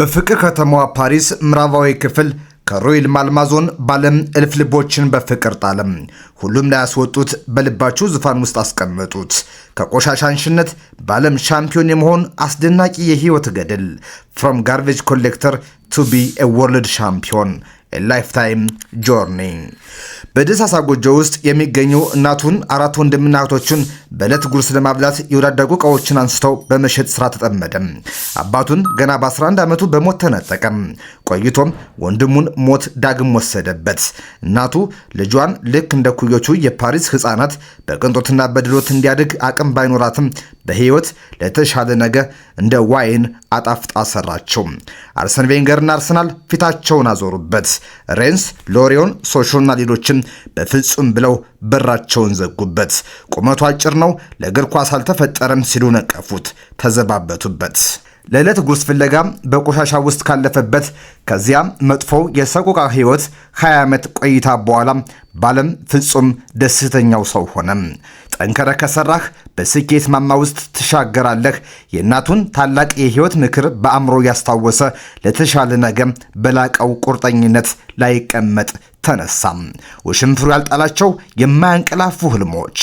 በፍቅር ከተማዋ ፓሪስ ምዕራባዊ ክፍል ከሮይል ማልማዞን ባለም እልፍ ልቦችን በፍቅር ጣለም። ሁሉም ላይ ያስወጡት በልባቸው ዙፋን ውስጥ አስቀመጡት። ከቆሻሻ አንሽነት በዓለም ሻምፒዮን የመሆን አስደናቂ የህይወት ገድል ፍሮም ጋርቤጅ ኮሌክተር ቱ ቢ ኤ ወርልድ ሻምፒዮን ላይፍታይም ጆርኒ በደሳሳ ጎጆ ውስጥ የሚገኙ እናቱን አራት ወንድምና እህቶቹን በዕለት ጉርስ ለማብላት የወዳደጉ እቃዎችን አንስተው በመሸጥ ስራ ተጠመደም። አባቱን ገና በ11 ዓመቱ በሞት ተነጠቀም። ቆይቶም ወንድሙን ሞት ዳግም ወሰደበት። እናቱ ልጇን ልክ እንደ ኩዮቹ የፓሪስ ሕፃናት በቅንጦትና በድሎት እንዲያድግ አቅም ባይኖራትም በህይወት ለተሻለ ነገ እንደ ዋይን አጣፍጣ ሰራቸው። አርሰን ቬንገርና አርሰናል ፊታቸውን አዞሩበት። ሬንስ፣ ሎሪዮን፣ ሶሾና ሌሎችም በፍጹም ብለው በራቸውን ዘጉበት። ቁመቱ አጭር ነው፣ ለእግር ኳስ አልተፈጠረም ሲሉ ነቀፉት፣ ተዘባበቱበት። ለዕለት ጉርስ ፍለጋ በቆሻሻ ውስጥ ካለፈበት ከዚያም መጥፎው የሰቆቃ ህይወት 20 ዓመት ቆይታ በኋላ በዓለም ፍጹም ደስተኛው ሰው ሆነ። ጠንከረ ከሰራህ በስኬት ማማ ውስጥ ትሻገራለህ። የእናቱን ታላቅ የህይወት ምክር በአእምሮ ያስታወሰ ለተሻለ ነገም በላቀው ቁርጠኝነት ላይቀመጥ ተነሳም። ውሽንፍሩ ያልጣላቸው የማያንቀላፉ ህልሞች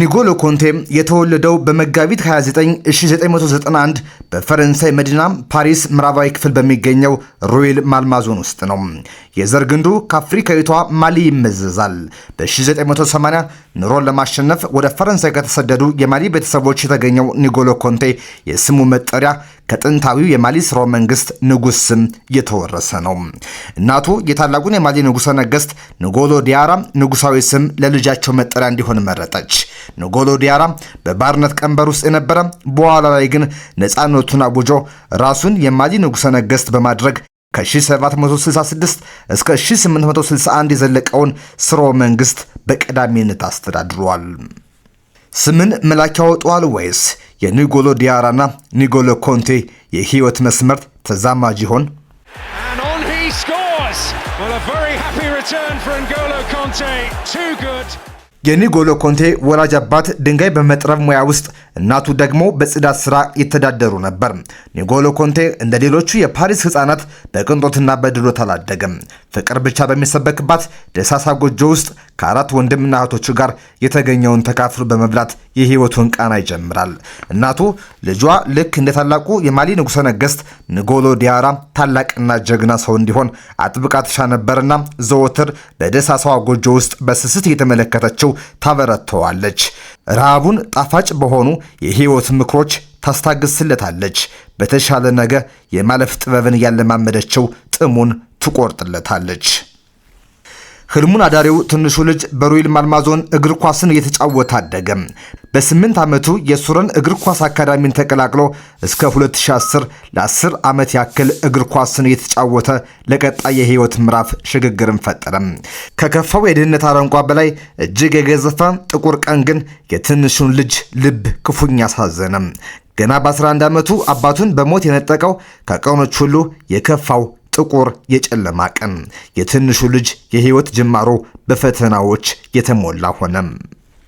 ኒጎሎ ኮንቴ የተወለደው በመጋቢት 29 1991 በፈረንሳይ መዲና ፓሪስ ምዕራባዊ ክፍል በሚገኘው ሩዌል ማልማዞን ውስጥ ነው። የዘር ግንዱ ከአፍሪካዊቷ ማሊ ይመዘዛል። በ1980 ኑሮን ለማሸነፍ ወደ ፈረንሳይ ከተሰደዱ የማሊ ቤተሰቦች የተገኘው ኒጎሎ ኮንቴ የስሙ መጠሪያ ከጥንታዊው የማሊ ስርወ መንግስት ንጉስ ስም የተወረሰ ነው። እናቱ የታላቁን የማሊ ንጉሰ ነገስት ንጎሎ ዲያራ ንጉሳዊ ስም ለልጃቸው መጠሪያ እንዲሆን መረጠች። ንጎሎ ዲያራ በባርነት ቀንበር ውስጥ የነበረ በኋላ ላይ ግን ነፃነቱን አውጆ ራሱን የማሊ ንጉሰ ነገስት በማድረግ ከ1766 እስከ 1861 የዘለቀውን ስርወ መንግስት በቀዳሚነት አስተዳድሯል። ስምን መላክ ያወጣዋል ወይስ የኒጎሎ ዲያራና ኒጎሎ ኮንቴ የህይወት መስመርት ተዛማጅ ይሆን? ኮንቴ ቱ ጉድ የኒጎሎ ኮንቴ ወላጅ አባት ድንጋይ በመጥረብ ሙያ ውስጥ እናቱ ደግሞ በጽዳት ስራ ይተዳደሩ ነበር። ኒጎሎ ኮንቴ እንደ ሌሎቹ የፓሪስ ህፃናት በቅንጦትና በድሎት አላደገም። ፍቅር ብቻ በሚሰበክባት ደሳሳ ጎጆ ውስጥ ከአራት ወንድምና እህቶቹ ጋር የተገኘውን ተካፍሎ በመብላት የህይወቱን ቃና ይጀምራል። እናቱ ልጇ ልክ እንደ ታላቁ የማሊ ንጉሠ ነገሥት ንጎሎ ዲያራ ታላቅና ጀግና ሰው እንዲሆን አጥብቃ ትሻ ነበርና ዘወትር በደሳሳዋ ጎጆ ውስጥ በስስት እየተመለከተችው ታበረተዋለች። ረሃቡን ጣፋጭ በሆኑ የህይወት ምክሮች ታስታግስለታለች። በተሻለ ነገ የማለፍ ጥበብን ያለማመደችው ጥሙን ትቆርጥለታለች። ህልሙን አዳሪው ትንሹ ልጅ በሮይል ማልማ ዞን እግር ኳስን እየተጫወተ አደገ። በስምንት ዓመቱ የሱረን እግር ኳስ አካዳሚን ተቀላቅሎ እስከ 2010 ለ10 ዓመት ያክል እግር ኳስን እየተጫወተ ለቀጣይ የህይወት ምዕራፍ ሽግግርን ፈጠረ። ከከፋው የድህነት አረንቋ በላይ እጅግ የገዘፈ ጥቁር ቀን ግን የትንሹን ልጅ ልብ ክፉኛ አሳዘነ። ገና በ11 ዓመቱ አባቱን በሞት የነጠቀው ከቀኖች ሁሉ የከፋው ጥቁር የጨለማ ቀን የትንሹ ልጅ የህይወት ጅማሮ በፈተናዎች የተሞላ ሆነም።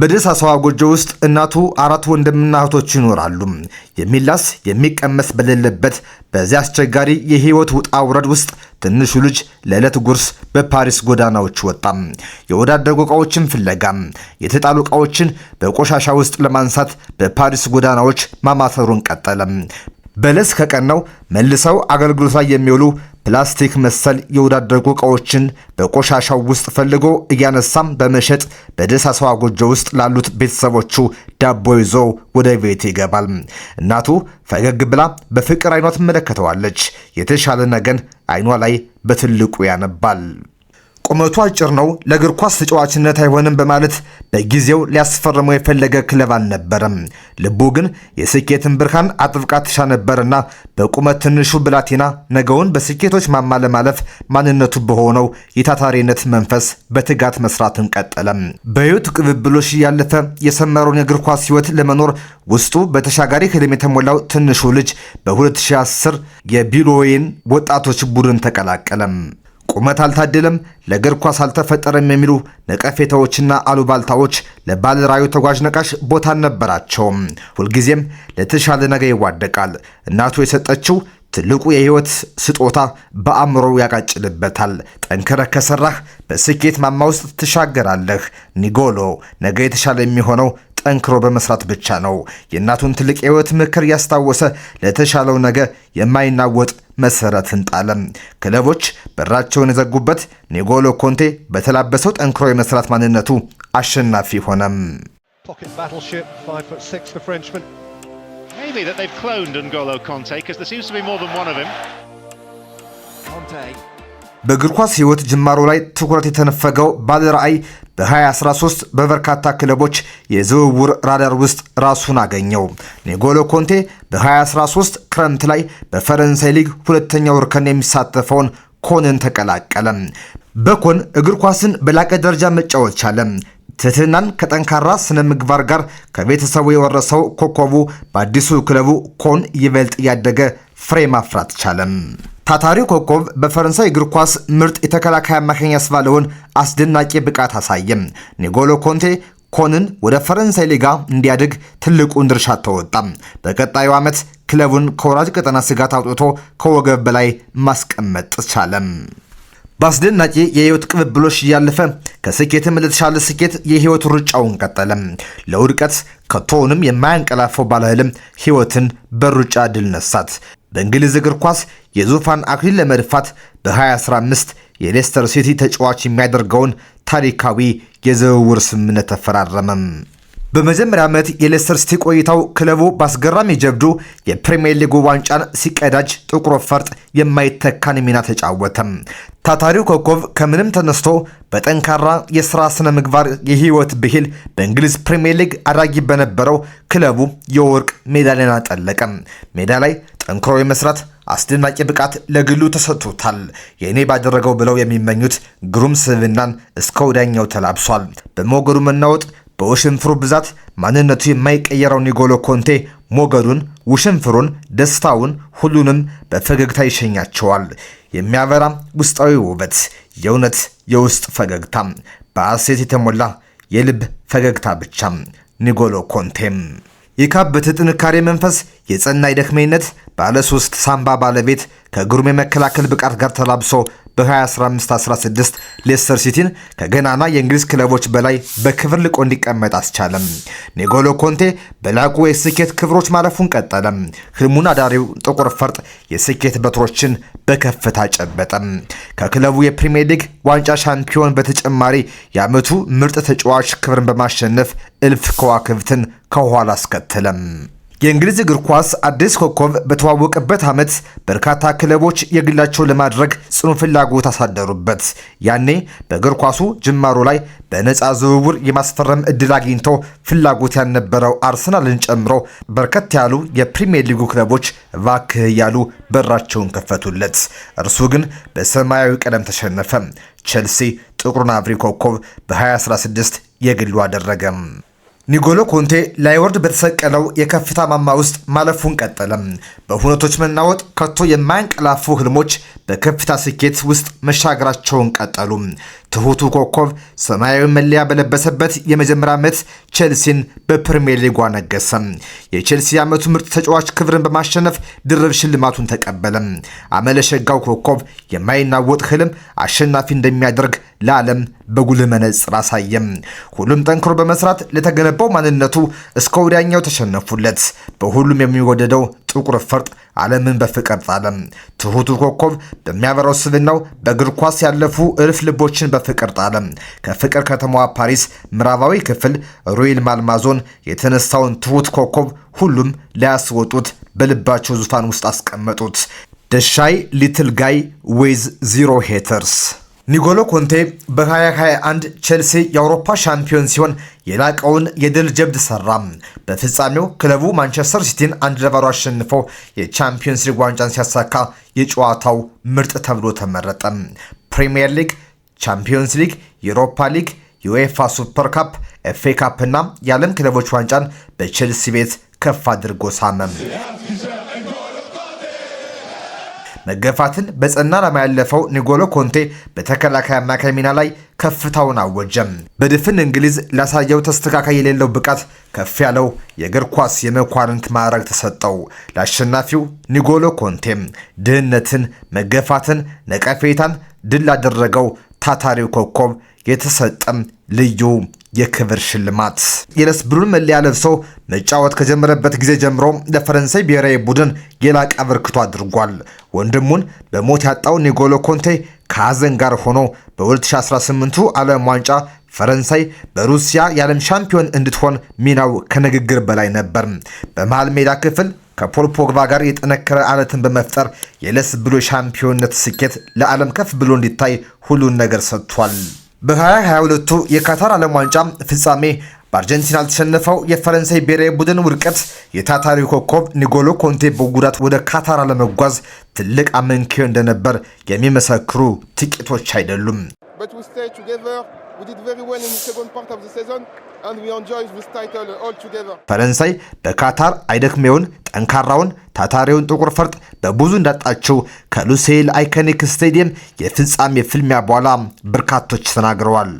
በደሳሳዋ ጎጆ ውስጥ እናቱ አራት ወንድምና እህቶች ይኖራሉ። የሚላስ የሚቀመስ በሌለበት በዚህ አስቸጋሪ የህይወት ውጣ ውረድ ውስጥ ትንሹ ልጅ ለዕለት ጉርስ በፓሪስ ጎዳናዎች ወጣም። የወዳደጉ እቃዎችን ፍለጋም የተጣሉ እቃዎችን በቆሻሻ ውስጥ ለማንሳት በፓሪስ ጎዳናዎች ማማተሩን ቀጠለም። በለስ ከቀናው መልሰው አገልግሎት ላይ የሚውሉ ፕላስቲክ መሰል የወዳደጉ እቃዎችን በቆሻሻው ውስጥ ፈልጎ እያነሳም በመሸጥ በደሳሳዋ ጎጆ ውስጥ ላሉት ቤተሰቦቹ ዳቦ ይዞ ወደ ቤት ይገባል። እናቱ ፈገግ ብላ በፍቅር አይኗ ትመለከተዋለች። የተሻለ ነገን አይኗ ላይ በትልቁ ያነባል። ቁመቱ አጭር ነው፣ ለእግር ኳስ ተጫዋችነት አይሆንም በማለት በጊዜው ሊያስፈርመው የፈለገ ክለብ አልነበረም። ልቡ ግን የስኬትን ብርሃን አጥብቃ ትሻ ነበርና በቁመት ትንሹ ብላቴና ነገውን በስኬቶች ማማ ለማለፍ ማንነቱ በሆነው የታታሪነት መንፈስ በትጋት መስራትን ቀጠለም። በህይወት ቅብብሎሽ እያለፈ የሰመረውን የእግር ኳስ ህይወት ለመኖር ውስጡ በተሻጋሪ ህልም የተሞላው ትንሹ ልጅ በ2010 የቢሎዌን ወጣቶች ቡድን ተቀላቀለም። ቁመት አልታደለም፣ ለእግር ኳስ አልተፈጠረም የሚሉ ነቀፌታዎችና አሉባልታዎች ለባለራዩ ተጓዥ ነቃሽ ቦታ አልነበራቸውም። ሁልጊዜም ለተሻለ ነገ ይዋደቃል። እናቱ የሰጠችው ትልቁ የህይወት ስጦታ በአእምሮ ያቃጭልበታል። ጠንክረህ ከሰራህ በስኬት ማማ ውስጥ ትሻገራለህ። ኒጎሎ ነገ የተሻለ የሚሆነው ጠንክሮ በመስራት ብቻ ነው። የእናቱን ትልቅ የህይወት ምክር ያስታወሰ ለተሻለው ነገ የማይናወጥ መሰረትን ጣለም። ክለቦች በራቸውን የዘጉበት ኔጎሎ ኮንቴ በተላበሰው ጠንክሮ የመስራት ማንነቱ አሸናፊ ሆነም። Maybe that they've cloned N'Golo Conte because there seems to be more than one of him. Conte. በእግር ኳስ ህይወት ጅማሮ ላይ ትኩረት የተነፈገው ባለ በ2013 በበርካታ ክለቦች የዝውውር ራዳር ውስጥ ራሱን አገኘው። ኔጎሎ ኮንቴ በ2013 ክረምት ላይ በፈረንሳይ ሊግ ሁለተኛው እርከን የሚሳተፈውን ኮንን ተቀላቀለ። በኮን እግር ኳስን በላቀ ደረጃ መጫወት ቻለ። ትህትናን ከጠንካራ ስነ ምግባር ጋር ከቤተሰቡ የወረሰው ኮከቡ በአዲሱ ክለቡ ኮን ይበልጥ እያደገ ፍሬ ማፍራት ቻለም። ታታሪው ኮከብ በፈረንሳይ እግር ኳስ ምርጥ የተከላካይ አማካኝ ያስባለውን አስደናቂ ብቃት አሳየም። ኒጎሎ ኮንቴ ኮንን ወደ ፈረንሳይ ሊጋ እንዲያድግ ትልቁን ድርሻ ተወጣም። በቀጣዩ ዓመት ክለቡን ከወራጅ ቀጠና ስጋት አውጥቶ ከወገብ በላይ ማስቀመጥ ቻለም። በአስደናቂ የህይወት ቅብብሎች እያለፈ ከስኬትም ለተሻለ ስኬት የህይወት ሩጫውን ቀጠለም። ለውድቀት ከቶውንም የማያንቀላፈው ባለህልም ህይወትን በሩጫ ድል ነሳት። በእንግሊዝ እግር ኳስ የዙፋን አክሊል ለመድፋት በ2015 የሌስተር ሲቲ ተጫዋች የሚያደርገውን ታሪካዊ የዝውውር ስምምነት ተፈራረመም። በመጀመሪያ ዓመት የሌስተር ሲቲ ቆይታው ክለቡ በአስገራሚ ጀብዱ የፕሪምየር ሊጉ ዋንጫን ሲቀዳጅ ጥቁር ፈርጥ የማይተካን ሚና ተጫወተም። ታታሪው ኮከብ ከምንም ተነስቶ በጠንካራ የሥራ ስነ ምግባር የሕይወት ብሂል በእንግሊዝ ፕሪምየር ሊግ አዳጊ በነበረው ክለቡ የወርቅ ሜዳሊያን አጠለቀም። ሜዳ ላይ ጠንክሮ የመስራት አስደናቂ ብቃት ለግሉ ተሰጥቶታል። የእኔ ባደረገው ብለው የሚመኙት ግሩም ስብዕናን እስከ ወዲያኛው ተላብሷል። በሞገዱ መናወጥ፣ በውሽንፍሩ ብዛት ማንነቱ የማይቀየረው ኒጎሎ ኮንቴ ሞገዱን፣ ውሽንፍሩን፣ ደስታውን ሁሉንም በፈገግታ ይሸኛቸዋል። የሚያበራ ውስጣዊ ውበት፣ የእውነት የውስጥ ፈገግታ፣ በአሴት የተሞላ የልብ ፈገግታ ብቻ ኒጎሎ ኮንቴም የካበተ ጥንካሬ መንፈስ፣ የጸና የደክመኝነት ባለ ሶስት ሳምባ ባለቤት ከግሩም የመከላከል ብቃት ጋር ተላብሶ በ2015/16 ሌስተር ሲቲን ከገናና የእንግሊዝ ክለቦች በላይ በክብር ልቆ እንዲቀመጥ አስቻለም። ኔጎሎ ኮንቴ በላቁ የስኬት ክብሮች ማለፉን ቀጠለም። ህልሙን አዳሪው ጥቁር ፈርጥ የስኬት በትሮችን በከፍታ ጨበጠም። ከክለቡ የፕሪምየር ሊግ ዋንጫ ሻምፒዮን በተጨማሪ የዓመቱ ምርጥ ተጫዋች ክብርን በማሸነፍ እልፍ ከዋክብትን ከኋላ አስከተለም። የእንግሊዝ እግር ኳስ አዲስ ኮከብ በተዋወቀበት ዓመት በርካታ ክለቦች የግላቸው ለማድረግ ጽኑ ፍላጎት አሳደሩበት። ያኔ በእግር ኳሱ ጅማሮ ላይ በነፃ ዝውውር የማስፈረም እድል አግኝቶ ፍላጎት ያልነበረው አርሰናልን ጨምሮ በርከት ያሉ የፕሪሚየር ሊጉ ክለቦች እባክህ እያሉ በራቸውን ከፈቱለት። እርሱ ግን በሰማያዊ ቀለም ተሸነፈ። ቼልሲ ጥቁሩን አብሪ ኮከብ በ2016 የግሉ አደረገም። ኒጎሎ ኮንቴ ላይወርድ በተሰቀለው የከፍታ ማማ ውስጥ ማለፉን ቀጠለም። በሁነቶች መናወጥ ከቶ የማያንቀላፉ ህልሞች በከፍታ ስኬት ውስጥ መሻገራቸውን ቀጠሉ። ትሑቱ ኮከብ ሰማያዊ መለያ በለበሰበት የመጀመሪያ ዓመት ቼልሲን በፕሪምየር ሊጉ አነገሰም። የቼልሲ የዓመቱ ምርጥ ተጫዋች ክብርን በማሸነፍ ድርብ ሽልማቱን ተቀበለም። አመለሸጋው ኮከብ የማይናወጥ ህልም አሸናፊ እንደሚያደርግ ለዓለም በጉልህ መነጽር አሳየም። ሁሉም ጠንክሮ በመስራት ለተገነባው ማንነቱ እስከ ወዲያኛው ተሸነፉለት። በሁሉም የሚወደደው ጥቁር ፈርጥ ዓለምን በፍቅር ጣለም። ትሁቱ ኮከብ በሚያበራው ስብናው በእግር ኳስ ያለፉ እልፍ ልቦችን በፍቅር ጣለም። ከፍቅር ከተማዋ ፓሪስ ምዕራባዊ ክፍል ሩይል ማልማዞን የተነሳውን ትሁት ኮከብ ሁሉም ሊያስወጡት በልባቸው ዙፋን ውስጥ አስቀመጡት። ደሻይ ሊትል ጋይ ዌዝ ዚሮ ሄተርስ ኒጎሎ ኮንቴ በ2021 ቼልሲ የአውሮፓ ሻምፒዮን ሲሆን የላቀውን የድል ጀብድ ሰራም። በፍጻሜው ክለቡ ማንቸስተር ሲቲን አንድ ለባዶ አሸንፎ የቻምፒዮንስ ሊግ ዋንጫን ሲያሳካ የጨዋታው ምርጥ ተብሎ ተመረጠ። ፕሪምየር ሊግ፣ ቻምፒዮንስ ሊግ፣ የአውሮፓ ሊግ፣ ዩኤፋ ሱፐር ካፕ፣ ኤፍኤ እና የዓለም ክለቦች ዋንጫን በቼልሲ ቤት ከፍ አድርጎ ሳመም። መገፋትን በጸና ዓላማ ያለፈው ኒጎሎ ኮንቴ በተከላካይ አማካይ ሚና ላይ ከፍታውን አወጀም። በድፍን እንግሊዝ ላሳየው ተስተካካይ የሌለው ብቃት ከፍ ያለው የእግር ኳስ የመኳንንት ማዕረግ ተሰጠው። ለአሸናፊው ኒጎሎ ኮንቴም ድህነትን፣ መገፋትን፣ ነቀፌታን ድል አደረገው ታታሪው ኮከብ የተሰጠም ልዩ የክብር ሽልማት የለስ መለያ ለብሶ መጫወት ከጀመረበት ጊዜ ጀምሮ ለፈረንሳይ ብሔራዊ ቡድን የላቀ አበርክቶ አድርጓል። ወንድሙን በሞት ያጣው ኒጎሎ ኮንቴ ከሐዘን ጋር ሆኖ በ2018 ዓለም ዋንጫ ፈረንሳይ በሩሲያ የዓለም ሻምፒዮን እንድትሆን ሚናው ከንግግር በላይ ነበር። በመሃል ሜዳ ክፍል ከፖል ፖግባ ጋር የጠነከረ አለትን በመፍጠር የለስ ብሉ ሻምፒዮንነት ስኬት ለዓለም ከፍ ብሎ እንዲታይ ሁሉን ነገር ሰጥቷል። በ2022ቱ የካታር ዓለም ዋንጫ ፍጻሜ በአርጀንቲና ለተሸነፈው የፈረንሳይ ብሔራዊ ቡድን ውድቀት የታታሪው ኮከብ ኒጎሎ ኮንቴ በጉዳት ወደ ካታር ለመጓዝ ትልቅ አመንኪዮ እንደነበር የሚመሰክሩ ጥቂቶች አይደሉም። ፈረንሳይ በካታር አይደክሜውን ጠንካራውን ታታሪውን ጥቁር ፈርጥ በብዙ እንዳጣቸው ከሉሴል አይኮኒክ ስቴዲየም የፍጻሜ ፍልሚያ በኋላ በርካቶች ተናግረዋል።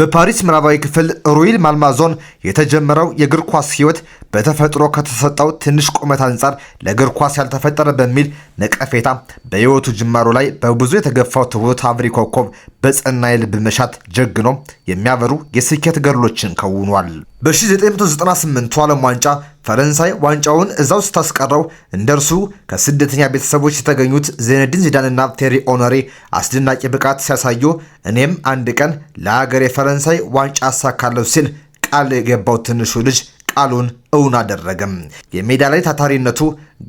በፓሪስ ምዕራባዊ ክፍል ሩይል ማልማዞን የተጀመረው የእግር ኳስ ህይወት በተፈጥሮ ከተሰጠው ትንሽ ቁመት አንጻር ለእግር ኳስ ያልተፈጠረ በሚል ነቀፌታ በሕይወቱ ጅማሮ ላይ በብዙ የተገፋው ትሁት አብሪ ኮከብ በጸና የልብ መሻት ጀግኖ የሚያበሩ የስኬት ገድሎችን ከውኗል። በ1998 ዓለም ዋንጫ ፈረንሳይ ዋንጫውን እዛው ስታስቀረው እንደ እርሱ ከስደተኛ ቤተሰቦች የተገኙት ዜነዲን ዚዳንና ቴሪ ኦነሬ አስደናቂ ብቃት ሲያሳዩ እኔም አንድ ቀን ለሀገሬ ፈረንሳይ ዋንጫ አሳካለሁ ሲል ቃል የገባው ትንሹ ልጅ ቃሉን እውን አደረገም። የሜዳ ላይ ታታሪነቱ፣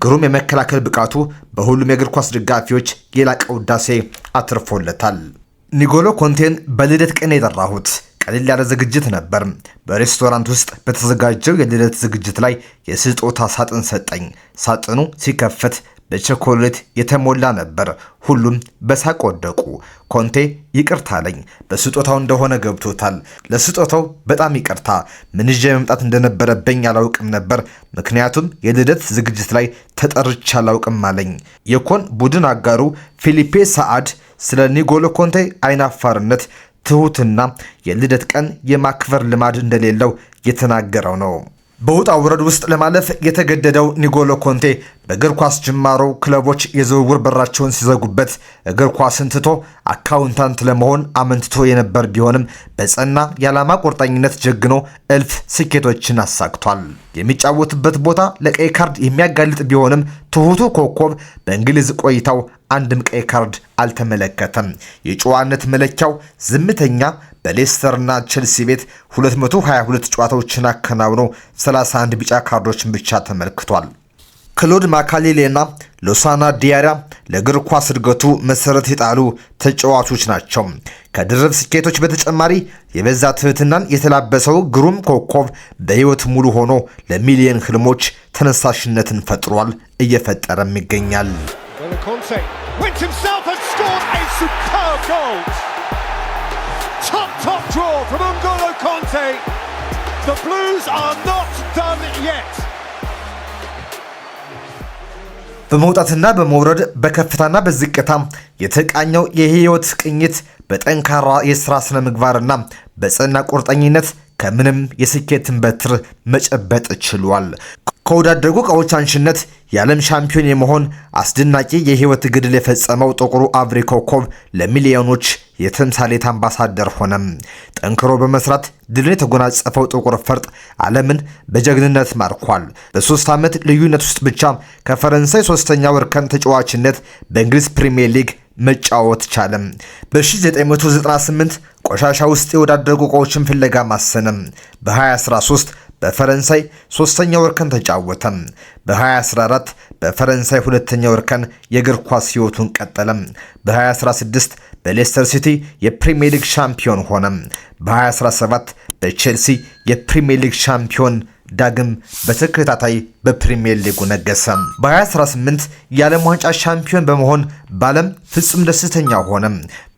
ግሩም የመከላከል ብቃቱ በሁሉም የእግር ኳስ ደጋፊዎች የላቀ ውዳሴ አትርፎለታል። ኒጎሎ ኮንቴን በልደት ቀን የጠራሁት ቀለል ያለ ዝግጅት ነበር። በሬስቶራንት ውስጥ በተዘጋጀው የልደት ዝግጅት ላይ የስጦታ ሳጥን ሰጠኝ። ሳጥኑ ሲከፈት በቸኮሌት የተሞላ ነበር። ሁሉም በሳቅ ወደቁ። ኮንቴ ይቅርታ አለኝ። በስጦታው እንደሆነ ገብቶታል። ለስጦታው በጣም ይቅርታ። ምን ይዤ መምጣት እንደነበረብኝ አላውቅም ነበር፣ ምክንያቱም የልደት ዝግጅት ላይ ተጠርቼ አላውቅም አለኝ። የኮን ቡድን አጋሩ ፊሊፔ ሰዓድ ስለ ኒጎሎ ኮንቴ አይናፋርነት ትሑትና የልደት ቀን የማክበር ልማድ እንደሌለው የተናገረው ነው። በውጣ ውረድ ውስጥ ለማለፍ የተገደደው ኒጎሎ ኮንቴ በእግር ኳስ ጅማሮው ክለቦች የዝውውር በራቸውን ሲዘጉበት እግር ኳስን ትቶ አካውንታንት ለመሆን አመንትቶ የነበር ቢሆንም በጸና የዓላማ ቁርጠኝነት ጀግኖ እልፍ ስኬቶችን አሳክቷል። የሚጫወትበት ቦታ ለቀይ ካርድ የሚያጋልጥ ቢሆንም ትሑቱ ኮከብ በእንግሊዝ ቆይታው አንድም ቀይ ካርድ አልተመለከተም። የጨዋነት መለኪያው ዝምተኛ በሌስተርና ቼልሲ ቤት 222 ጨዋታዎችን አከናውኖ 31 ቢጫ ካርዶችን ብቻ ተመልክቷል። ክሎድ ማካሌሌና ሎሳና ዲያራ ለእግር ኳስ እድገቱ መሰረት የጣሉ ተጫዋቾች ናቸው። ከድርብ ስኬቶች በተጨማሪ የበዛ ትህትናን የተላበሰው ግሩም ኮከብ በሕይወት ሙሉ ሆኖ ለሚሊየን ህልሞች ተነሳሽነትን ፈጥሯል፣ እየፈጠረም ይገኛል። Conte went himself and scored a superb goal. Top, top draw from Ungolo Conte. The Blues are not done yet. በመውጣትና በመውረድ በከፍታና በዝቅታ የተቃኘው የህይወት ቅኝት በጠንካራ የሥራ ሥነ ምግባርና በጽና ቁርጠኝነት ከምንም የስኬትን በትር መጨበጥ ችሏል። ከወዳደጉ እቃዎች አንሽነት የዓለም ሻምፒዮን የመሆን አስደናቂ የህይወት ግድል የፈጸመው ጥቁሩ አብሪ ኮከብ ለሚሊዮኖች የተምሳሌት አምባሳደር ሆነም። ጠንክሮ በመስራት ድልን የተጎናጸፈው ጥቁር ፈርጥ ዓለምን በጀግንነት ማርኳል። በሶስት ዓመት ልዩነት ውስጥ ብቻ ከፈረንሳይ ሶስተኛ ወርከን ተጫዋችነት በእንግሊዝ ፕሪምየር ሊግ መጫወት ቻለም። በ1998 ቆሻሻ ውስጥ የወዳደጉ እቃዎችን ፍለጋ ማሰነም በ2013 በፈረንሳይ ሶስተኛ ወርከን ተጫወተ በ በ2014 በፈረንሳይ ሁለተኛ ወርከን የእግር ኳስ ህይወቱን ቀጠለም። በ2016 በሌስተር ሲቲ የፕሪሚየር ሊግ ሻምፒዮን ሆነ በ በ2017 በቼልሲ የፕሪሚየር ሊግ ሻምፒዮን ዳግም በተከታታይ በፕሪሚየር ሊጉ ነገሰ። በ2018 የዓለም ዋንጫ ሻምፒዮን በመሆን በዓለም ፍጹም ደስተኛ ሆነ።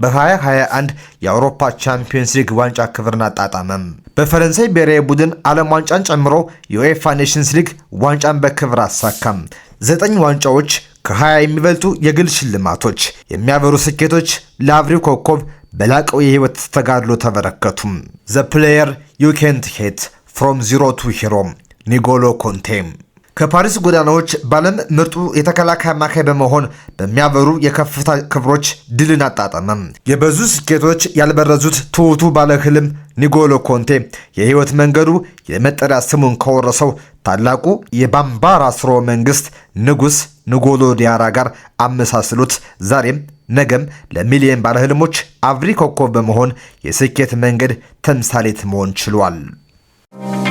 በ2021 የአውሮፓ ቻምፒዮንስ ሊግ ዋንጫ ክብርን አጣጣመ። በፈረንሳይ ብሔራዊ ቡድን ዓለም ዋንጫን ጨምሮ የዩኤፋ ኔሽንስ ሊግ ዋንጫን በክብር አሳካም። ዘጠኝ ዋንጫዎች፣ ከ20 የሚበልጡ የግል ሽልማቶች፣ የሚያበሩ ስኬቶች ለአብሪው ኮከብ በላቀው የህይወት ተጋድሎ ተበረከቱም። ዘ ፕሌየር ዩ ኬንት ሄት ፍሮም ዚሮ ቱ ሂሮ ኒጎሎ ኮንቴ ከፓሪስ ጎዳናዎች በዓለም ምርጡ የተከላካይ አማካይ በመሆን በሚያበሩ የከፍታ ክብሮች ድልን አጣጠመም። የበዙ ስኬቶች ያልበረዙት ትሑቱ ባለህልም ኒጎሎ ኮንቴ የህይወት መንገዱ የመጠሪያ ስሙን ከወረሰው ታላቁ የባምባራ ስሮ መንግስት ንጉስ ንጎሎ ዲያራ ጋር አመሳስሉት ዛሬም ነገም ለሚሊየን ባለህልሞች አብሪ ኮከብ በመሆን የስኬት መንገድ ተምሳሌት መሆን ችሏል። you.